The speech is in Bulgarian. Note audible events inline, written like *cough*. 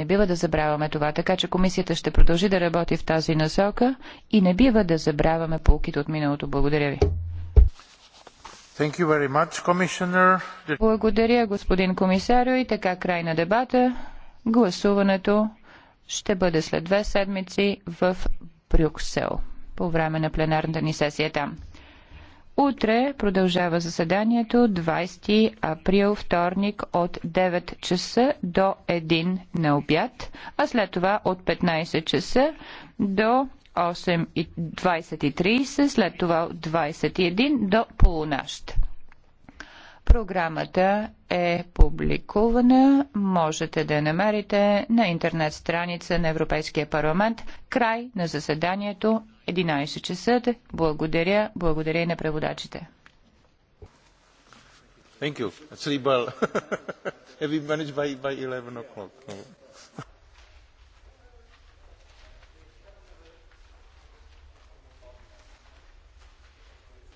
Не бива да забравяме това, така че комисията ще продължи да работи в тази насока и не бива да забравяме полките от миналото. Благодаря ви. Much, Благодаря, господин комисарио. И така край на дебата. Гласуването ще бъде след две седмици в Брюксел по време на пленарната ни сесия там. Утре продължава заседанието 20 април, вторник от 9 часа до 1 на обяд, а след това от 15 часа до 8.20.30, след това от 21 до полунащ. Програмата е по публикувана. Можете да я намерите на интернет страница на Европейския парламент. Край на заседанието 11 часа. Благодаря. Благодаря и на преводачите. Thank you. Three bell. *laughs* Have you managed by, by 11 o'clock?